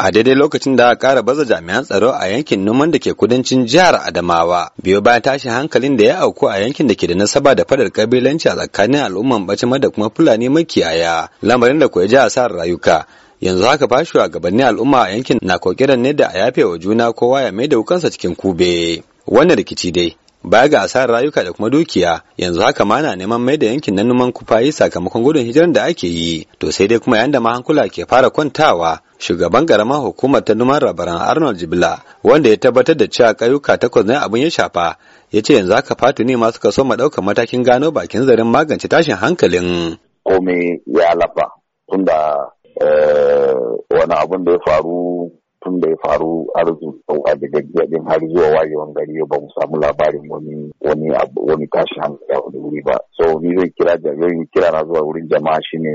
a daidai lokacin da aka kara baza jami'an tsaro a yankin noman da ke kudancin jihar adamawa biyo bayan tashin hankalin da ya auku a yankin da ke da nasaba da fadar kabilanci a tsakanin al'umman bacima da kuma fulani makiyaya lamarin da kuwa ji asarar rayuka yanzu haka fa gabanin al'umma a yankin na kokiran ne da a yafe wa juna kowa ya mai da wukansa cikin kube wannan rikici dai baya ga asarar rayuka da kuma dukiya yanzu haka ma na neman mai da yankin na numan kufayi sakamakon gudun hijirar da ake yi to sai dai kuma yayin da mahankula ke fara kwantawa shugaban karamar hukumar ta numan rabaran arnold jibla wanda ya tabbatar da cewa kayuka takwas na abin ya shafa ya ce yanzu haka fatu ne masu kaso ma ɗaukar matakin gano bakin zarin magance tashin hankalin. komai ya lafa tunda eh, wani abin da ya faru tun da ya faru arzikin tsawa daga jajin har zuwa wayewan gari ba mu samu labarin wani wani wani tashi hankali a wani wuri ba so ni zai kira zan kira na zuwa wurin jama'a shine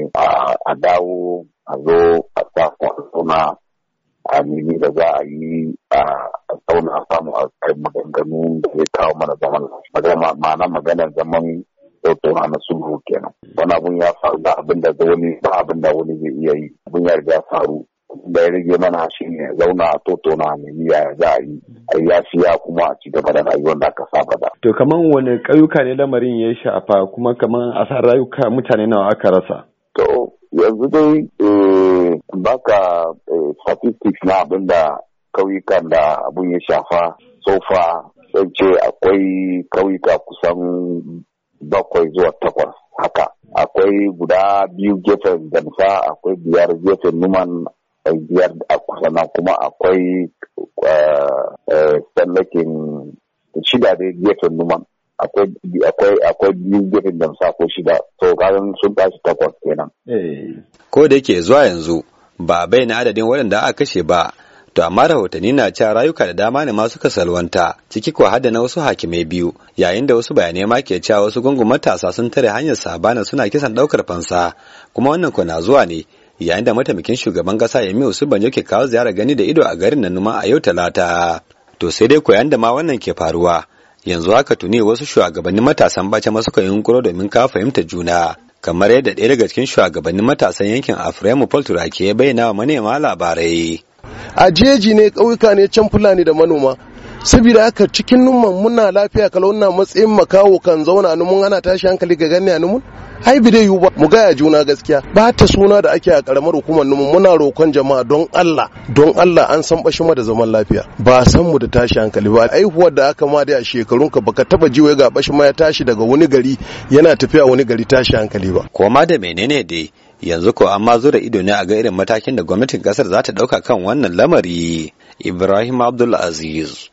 a dawo a zo a sa kwana a nemi da za a yi a tsauna a samu a kai maganganu da zai kawo mana zaman magana ma'ana maganar zaman yau na sulhu kenan wani abun ya faru da abin da wani ba abin da wani zai iya yi abin ya riga faru da ya rage mana shi ne zauna a totona ne ya za a yi a yafiya kuma a ci gaba da rayuwar da aka saba da. To kaman wani ƙauyuka ne lamarin ya shafa kuma kamar a san rayuka mutane nawa aka rasa. To yanzu dai eh, baka eh, statistics na abin da ƙauyukan da abin ya shafa So fa sai ce akwai ƙauyuka kusan bakwai zuwa takwas haka akwai guda biyu gefen gamsa akwai biyar gefen numan biyar sannan kuma akwai eh, eh, tsallakin shida da gefen numan akwai biyu gefen sa ko shida to karin sun tashi takwas kenan. Eh. ko da yake zuwa yanzu ba bai na adadin waɗanda aka kashe ba to amma rahotanni na cewa rayuka da dama ne ma suka ciki ko hada na wasu hakimai biyu yayin da wasu bayanai ma ke cewa wasu gungun matasa sun tare hanyar sabana suna kisan ɗaukar fansa kuma wannan ko na zuwa ne yayin da mataimakin shugaban kasa Yemi Osunbanjo ke kawo ziyara gani da ido a garin Nanuma a yau Talata. To sai dai koyan da ma wannan ke faruwa. Yanzu haka tuni wasu shugabannin matasan bace masu kan yunkuro domin ka fahimta juna. Kamar yadda ɗaya daga cikin shugabannin matasan yankin Afremu Paul ya bayyana wa manema labarai. A jeji ne ƙauyuka ne can Fulani da manoma saboda haka cikin numan muna lafiya kalon na matsayin makawo kan zauna ni ana tashi hankali ga ganni ni mun ai bi dai ba mu gaya juna gaskiya ba ta suna da ake a karamar hukumar numan muna rokon jama'a don Allah don Allah an san bashi ma da zaman lafiya ba san mu da tashi hankali ba aihuwar da aka ma dai a shekarun ka baka taba jiwa ga bashi ma ya tashi daga wani gari yana tafiya wani gari tashi hankali ba koma da menene dai yanzu ko amma zo da ido ne a ga irin matakin da gwamnatin kasar za ta dauka kan wannan lamari Ibrahim Abdul Aziz